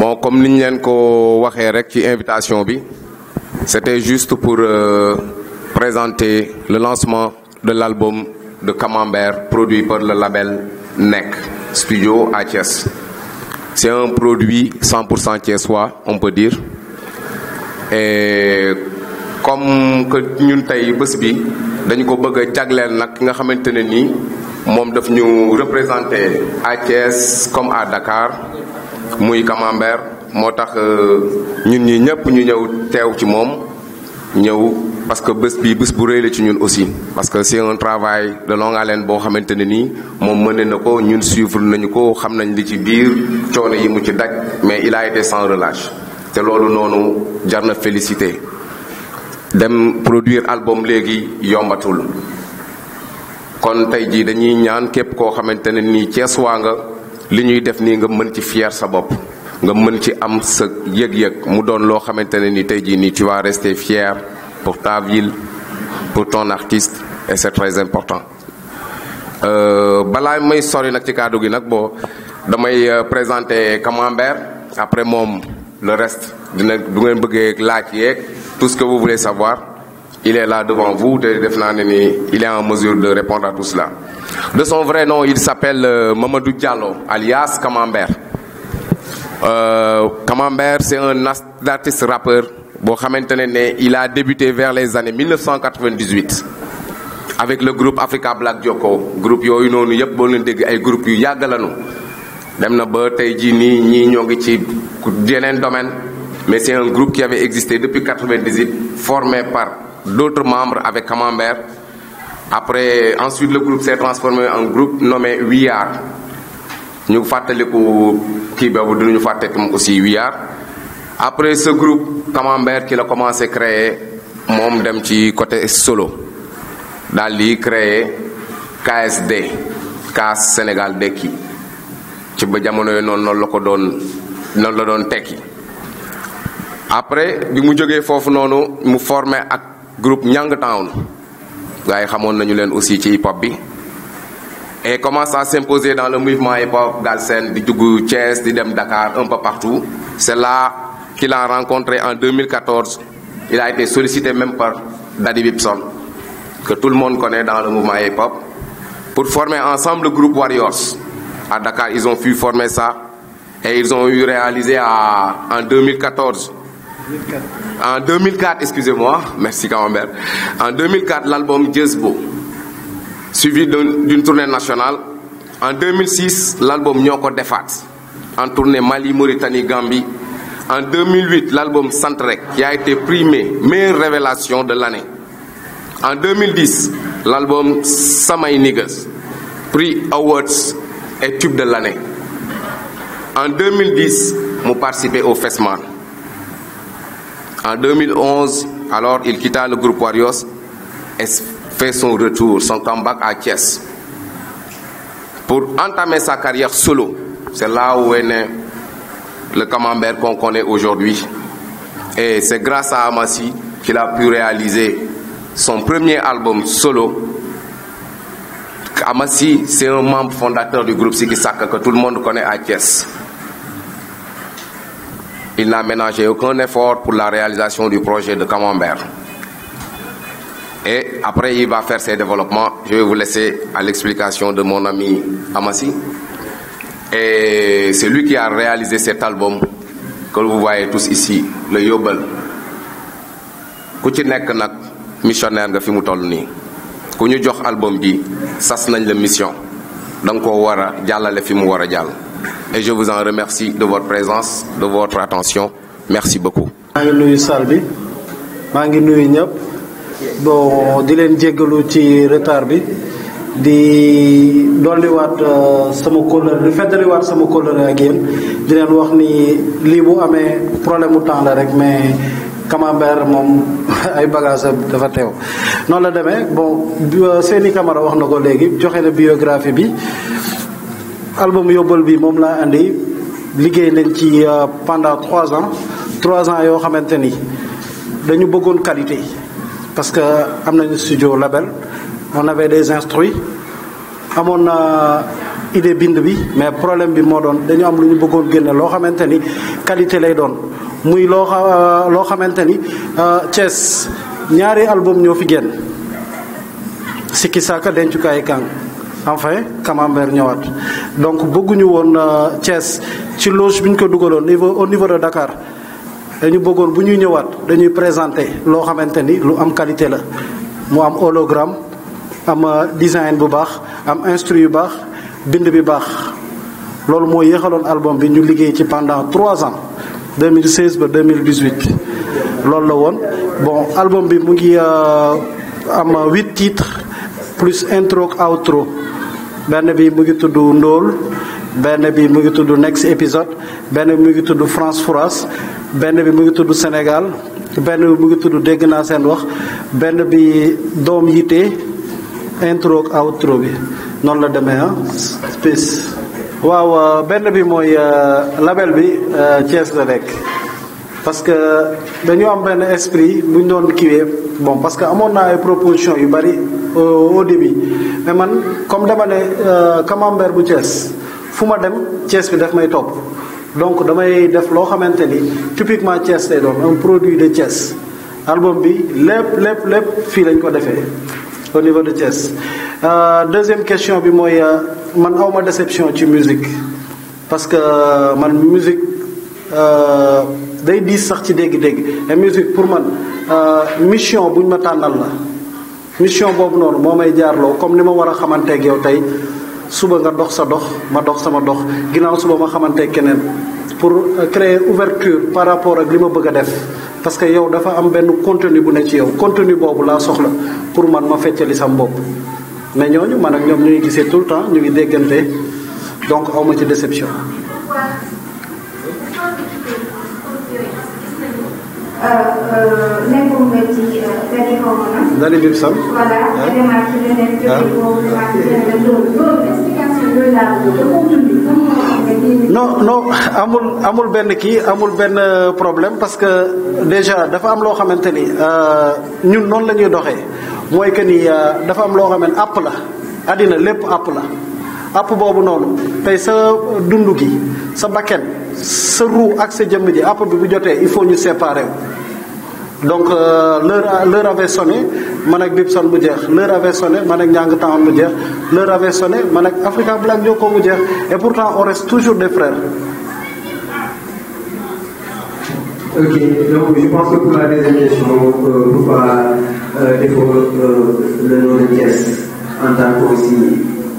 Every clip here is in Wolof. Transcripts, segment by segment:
bon comme niñ leen ko waxee c'était juste pour euh, présenter le lancement de l'album de Camembert produit par le label NEC Studio HS. C'est un produit 100% soi on peut dire. Et comme que ñun tey nous bi dañu ko bëgg mom daf ñu représenter à comme à Dakar muy Camembert motax euh, ñun ñi ñëpp ñu ñëw teew ci mom ñëw parce que bés bi bés bu rëy la ci ñun aussi parce que c'est un travail de longue haleine bo xamante ne nii mëne na ñun suivre nañ ko xam nañ li ci biir coono yi mu ci daj mais il a été sans relâche té lolu nonu jarna félicité dem produire album légui yombatul kon tey jii dañuy ñaan képp koo xamantene ni nii Cees nga li ñuy def nii nga mën ci fier sa bopp nga mën ci am sa yëg-yëg mu doon loo xamantene ni nii tey jii tu vas rester fier pour ta ville pour ton artiste et c'est très important. Euh, balaa may sori nag ci kàddu gi nag boo damay euh, présenter Camembert après moom le reste dina bu ngeen bëggee laaj yeeg tout ce que vous voulez savoir il est là devant vous il est en mesure de répondre à tout cela de son vrai nom il s'appelle euh, Mamadou Diallo alias Camembert euh, Camembert c'est un artiste rappeur il a débuté vers les années 1998 avec le groupe Africa Black Joko groupe qui noonu yëpp un groupe yu lañu demna domaine mais c'est un groupe qui avait existé depuis 1998 formé par d'autres membres avec Camembert. Après, ensuite, le groupe s'est transformé en groupe nommé WIAR. Nous faisons nous aussi WIAR. Après ce groupe, Camembert qui a commencé à créer, mon petit côté solo. Dans créé KSD, CAS Sénégal Deki. ci ba jamono non non non la ko la don après bi mu fofu nous mu formé ak groupe Nyang Town a yi nañu aussi ci hip hop et commence à s'imposer dans le mouvement hip hop Galsen di dugg Thiès di Dakar un peu partout c'est là qu'il a rencontré en 2014 il a été sollicité même par Daddy Bibson que tout le monde connaît dans le mouvement hip hop pour former ensemble le groupe Warriors à Dakar ils ont pu former ça et ils ont eu réalisé en 2014 en 2004, excusez-moi, merci Camembert. En 2004, l'album Jezbo, suivi d'une tournée nationale. En 2006, l'album Nyoko Defat, en tournée Mali, Mauritanie, Gambie. En 2008, l'album Santrek, qui a été primé meilleure révélation de l'année. En 2010, l'album Samay Niggas, prix Awards et tube de l'année. En 2010, mon participé au FESMAN. En 2011, alors il quitta le groupe Warios et fait son retour, son comeback à Kies. pour entamer sa carrière solo. C'est là où est né le camembert qu'on connaît aujourd'hui. Et c'est grâce à Amassi qu'il a pu réaliser son premier album solo. Amassi, c'est un membre fondateur du groupe Sikisaka que tout le monde connaît à Kies il n'a ménagé aucun effort pour la réalisation du projet de Camembert. Et après, il va faire ses développements. Je vais vous laisser à l'explication de mon ami Amassi. Et c'est lui qui a réalisé cet album que vous voyez tous ici, le Yobel. missionnaire de mission Donc, et je vous en remercie de votre présence de votre attention merci beaucoup. maa ngi nuyu salle bi maa ngi nuyu ñëpp bon di leen jéggalu ci retard bi di dolliwaat euh, sama kóllëre di feddaliwaat sama kóllëre ak yéen di leen wax ni lii bu amee problème mu temps la rek mais. comme Camembert moom ay bagages dafa teew Non la demee bon euh, Seyni Camara wax na ko léegi joxe na biographie bi album yobol bi mom nañ euh, pendant trois ans trois ans yo xamanteni dañu qualité parce que studio label on avait des instruits amoon na idée bind bi mais problème bi moo dañu am luñu qualité lay muy euh, euh, album ñoo fi génn Sikki Saka enfin Camembert ñëwaat donc bëgguñu woon euh, Thiès ci loge biñ ko dugaloon niveau au niveau de Dakar dañu bëggoon bu ñuy ñëwaat dañuy présenter loo xamante ni lu am qualité la mu am hologramme am euh, design bu baax am instru yu baax bind bi baax loolu moo yéexaloon album bi ñu liggéey ci pendant trois ans 2016 ba 2018 loolu la woon bon album bi mu ngi euh, am huit titres plus intro outro benn bi mu ngi tudd Ndóol benn bi mu ngi tudd next épisode benn bi mu ngi tudd France France benn bi mu ngi tudd Sénégal benn bi mu ngi tudd dégg naa seen wax benn bi doom yite intro ak outro bi noonu la demee ah space waaw benn bi mooy euh, label bi euh, Thiès la nekk parce que dañu am benn esprit bu ñu doon kiwee bon parce que amoon naa ay proposition yu bari euh, au bi mais man comme dama ne euh, camembert bu Thiès fu ma dem Thiès bi daf may topp donc damay def loo xamante ni typiquement Thiès lay doon un produit de Thiès album bi lépp lépp lépp fii lañ ko defee au niveau de Thiès euh, deuxième question bi mooy euh, man awma déception ci musique parce que man musique day diis sax ci dégg-dégg et musique pour man mission buñ ma tànnal la mission boobu noonu moo may jaarloo comme ni ma war a xamanteeg yow tey suba nga dox sa dox ma dox sama dox ginnaaw suba ma xamanteeg keneen pour euh, créer ouverture par rapport ak li ma bëgg a def parce que yow dafa am benn contenu bu ne ci yow continuer boobu laa soxla pour man ma feccali sam bopp mais ñooñu man ak ñoom ñu ngi gisee tout le temps ñu ngi déggante donc awma ci déception Da ne bilsem? Voilà, ha? Ha? No, no, amul, amul ben ki, amul ben problem Paske deja, dafa am lo xamanteni euh, Nyon non lanyo doxe Mwoy ke ni, dafa am lo xamanteni Apple, adina lep apple Apple app il faut nous séparer donc euh, l'heure l'heure avait sonné l'heure avait sonné l'heure avait sonné et pourtant on reste toujours des frères Ok, donc je pense que pour la deuxième question, euh, euh, le de en tant aussi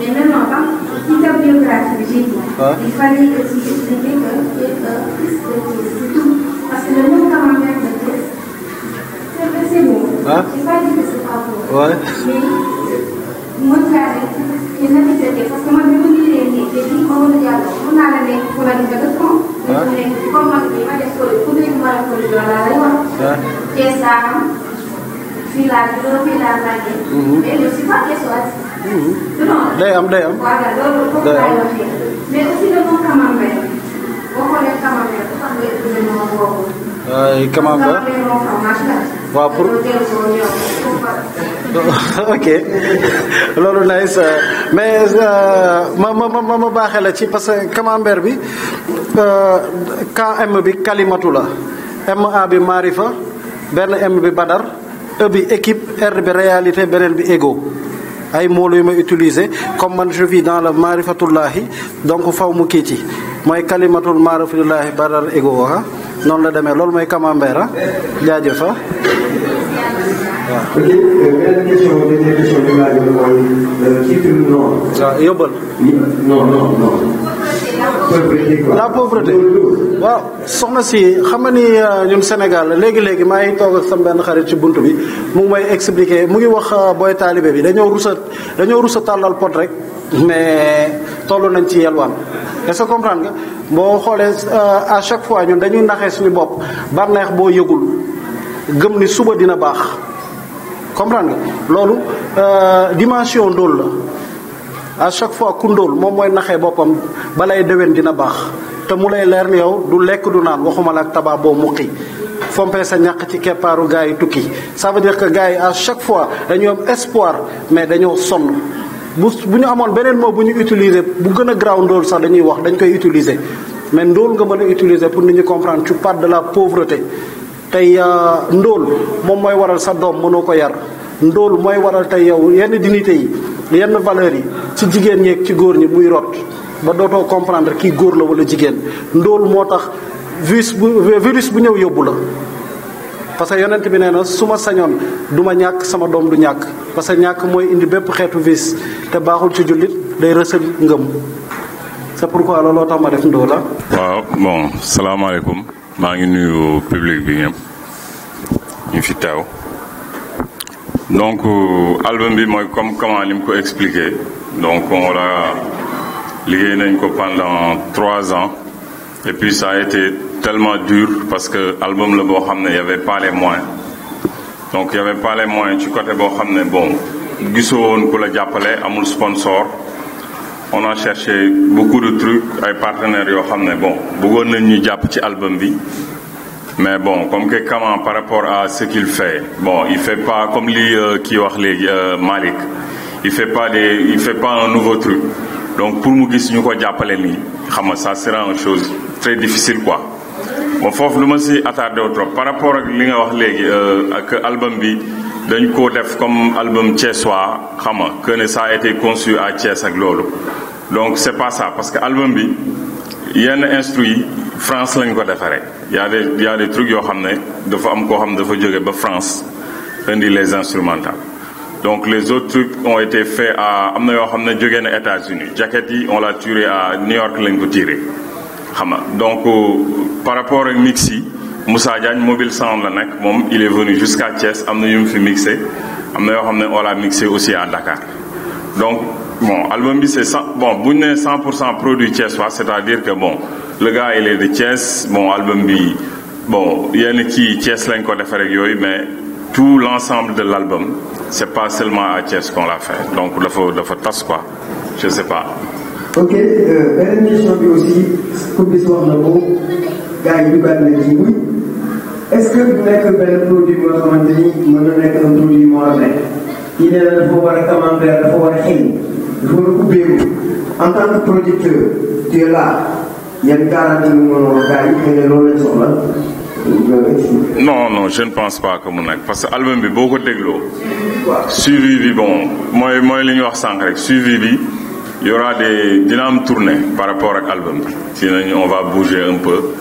Benim babam kitap biyografileriyle ifade edildiğine göre bir kız beklesi. Masalının tamamen beklesi. Sebesi bu. Ha? İfade edilmesi kabul. Vay. Mutlaka kendine bir dedi. Kasama bir bunu dedi. Dedi onu ya. Bunlara ne kullanı dedi ko. Ne komak ne var ya soru. Kudu numara kuruyorlar ya. Kesam. Filan, filan lagi. Belum sifat ya soru. day am day am. day waaye camembert waaw pour ok loolu nice mais euh, ma ma ma ma ci parce que camembert bi KM euh, bi kalimatu la MA bi maarifa benn M bi badar e bi équipe R bi réalité beneen bi ego ay mots yu may utiliser comme je vis dans le marifatoullahi, donc faw mu kii ci mooy kalimatul maarifatullahi baral ego ah. la demee loolu mooy camembert ah. jaajëf ah. non non non. la pauvreté waaw soxna si xam nga ni euh, ñun Sénégal léegi-léegi maa ngi toog ak sama benn xarit ci bunt bi mu ngi may expliqué mu ngi wax euh, booy taalibe bi dañoo rusa dañoo rusa tàllal pot rek mais toll nañ ci yelwaan est-ce que nga boo xoolee euh, à chaque fois ñun dañuy naxee suñu bopp bànneex boo yëgul gëm ni suba dina baax comprendre nga loolu dimension doolu la à chaque fois kundóol mom moy naxé bopam balay dewen dina bax te yow du du waxuma la ça veut dire que gaay à chaque fois dañu am espoir mais dañu son buñu bu benen mot buñu utiliser bu gëna sax dañuy wax dañ koy utiliser mais ndol nga mën pour comprendre tu parles de la pauvreté tay euh, ndol mom waral sa yar dignité yenn valeur yi ci jigéen ñeeg ci góor ñi muy rot ba dootoo comprendre kii góor la wala jigéen ndóol moo tax virus bu virus bu ñëw yóbbu la parce que yonent bi nee na su ma sañoon du ma ñàkk sama doom du ñàkk parce que ñàkk mooy indi bépp xeetu vis te baaxul ci jullit day rësal ngëm c' est pourquoi la tax ma def ndóo la. waaw bon salaamaaleykum maa ngi nuyu public bi ñëpp ñu fi teew. donc euh, album bi moy comme comment lim ko expliqué donc on l'a lié nañ ko pendant trois ans et puis ça a été tellement dur parce que album le bo xamné il y avait pas les moyens donc il y avait pas les moyens ci côté bo xamné bon gissone woon ku la jàppale amul sponsor on a cherché beaucoup de trucs ay partenaires yo xamné bon bëggoon nañ ñu japp ci album bi mais bon comme que comment par rapport à ce qu'il fait bon il fait pas comme lui qui euh, wax parlé, euh, Malik. il fait pas il fait pas un nouveau truc donc pour nous, qui sommes ko jàppale ça sera une chose très difficile quoi bon faut vraiment si par rapport à li a wax que euh, ak album bi dañ ko comme album Tchessoa, xam que ça a été conçu à Thiès ak loolu donc c'est pas ça parce que lalbum yenn instru France lañ ko defaree y a des y a des trucs yoo xam ne dafa am koo xam dafa jóge ba France indi les instruments. donc les autres trucs ont été faits à am na yoo xam ne jóge na États-Unis jacket yi on l'a tiré à New York lañ ko tiré xam nga donc euh, par rapport ak mix yi Moussa Diagne mobile sound la nag moom il est venu jusqu'à Thiès am na yu mu fi mixé am na yoo xam ne on l'a mixé aussi à Dakar donc bon album bi c'est bon bu ñu 100% produit thiessois c'est-à-dire que bon le gars il est de Thiès bon album bi bon yenn qui Thiès lañ ko defee rek yooyu mais tout l'ensemble de l'album c'est pas seulement à Thiès qu'on l'a fait donc faut, il faut tas quoi je sais pas. ok euh, beneen question bi aussi comme li wax na gars il est bari oui. est-ce que bu que benn produit boo xamante ni mën na nekk un produit moo rafet ñu ne la dafa war a camembert dafa war le xëy en tant que producteur tu es là une garantie a mënoon gars yi là. non non je ne pense pas que mon parce que l'album est beaucoup de gros. suivi bon moi, suivi Il y aura des dynamiques tournées par rapport à l'album. sinon on va bouger un peu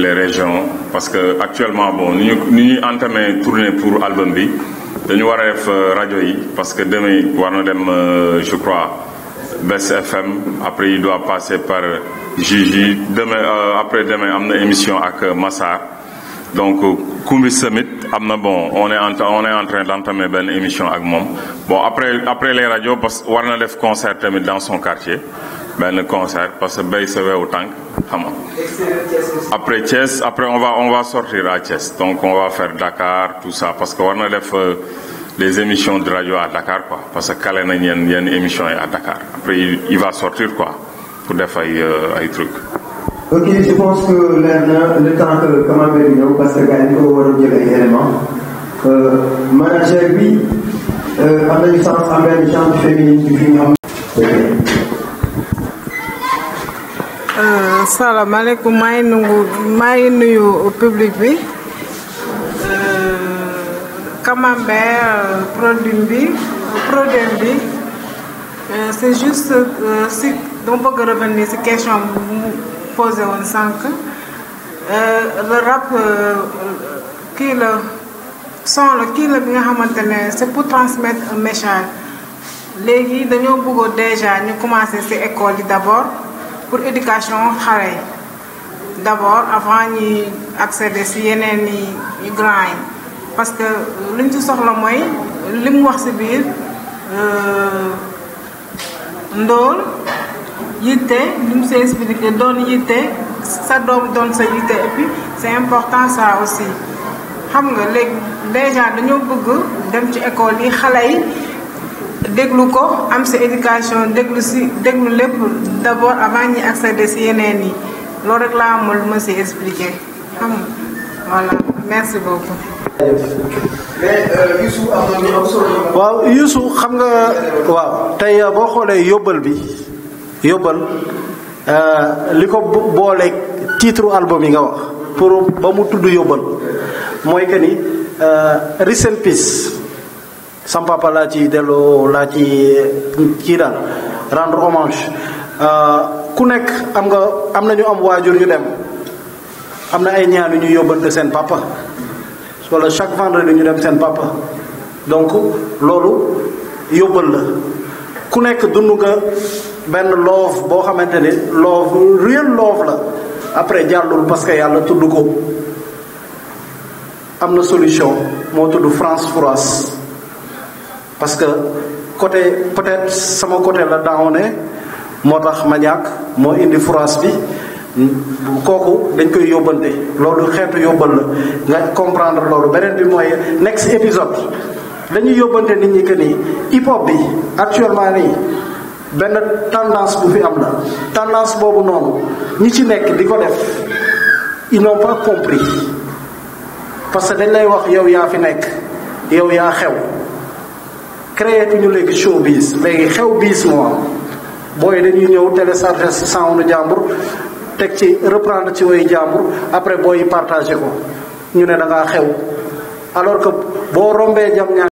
les régions parce que actuellement bon ni une tournée pour l'album. Nous avons à radio parce que demain euh, je crois BSFM après il doit passer par Jiji demain euh, après demain a une émission avec Massar donc comme euh, bon on est en train d'entamer une émission avec moi. bon après les radios, parce que y def concert dans son quartier le concert parce que ben, sa se fait autant. après chess après on va on va sortir à Chess. donc on va faire Dakar tout ça parce que a na def euh, les émissions de radio à Dakar quoi parce que kale il yenn a émissions à Dakar après il va sortir quoi pour faire euh, ay trucs. ok je pense que le temps que commande bi parce que gars on ñu le war a jël euh, manager lui am nañu sens am benn chambre féminine du ñu am euh, salaamaaleykum maa ngi nuyu maa nuyu public bi euh, camembert euh, produit bi produit bi c'est juste si dama bëgg revenir si question vous mu posé woon sànq le rap qui le, son la kii la bi nga xamante c'est pour transmettre un message léegi dañoo bëggoon déjà ñu commencer si école d'abord pour éducation xale yi d' abord avant ñuy accéder si yeneen yi grand yi parce que lu ñu ci soxla mooy li mu wax si biir euh, ndóol yitte li mu see expliqué doon yitte sa doom doon sa yitte et puis est important ça aussi xam nga léegi déjà dañoo bëgg dem ci école yi xale yi. déglu ko am si éducation déglu si déglu lépp d'abord avant ñi accéder si yeneen yi loolu rek laa amul ma si expliquer merci beaucoup. mais euh, waaw Youssou xam nga waaw tey euh, boo xoolee yóbbal bi yóbbal euh, li ko booleeg titre album yi nga wax pour ba mu tudd yóbbal mooy que ni recent peace sama papa laa ci delloo laa ci kii daal rendre hommage euh, ku nekk am nga am na ñu am waajur ñu dem am na ay ñaan yu ñu yóbbante seen papa wala chaque vendredi ñu dem seen papa donc loolu yóbbal la ku nekk dund nga benn loof boo xamante ni loof réel loof la après jàllul parce que yàlla tudd ko am na solution moo tudd France Froisse parce que côté peut-être sama côté la daaw ne moo tax ma ñàkk moo indi France bi kooku dañ koy yóbbante loolu xeetu yóbbal la nga comprendre loolu beneen bi mooy next épisode dañuy yóbbante nit ñi que nii hip hop bi actuellement nii benn tendance bu fi am la tendance boobu noonu ñi ci nekk di ko def ils n'ont parce que dañ lay wax yow yaa fi nekk yow yaa xew créé tuñu léegi showbiz léegi xew biis moo am booy dañuy ñëw télécharger sound jàmbur teg ci reprendre ci woy jàmbur après booy partagé ko ñu ne da ngaa xew alors que boo rombee jam ñaa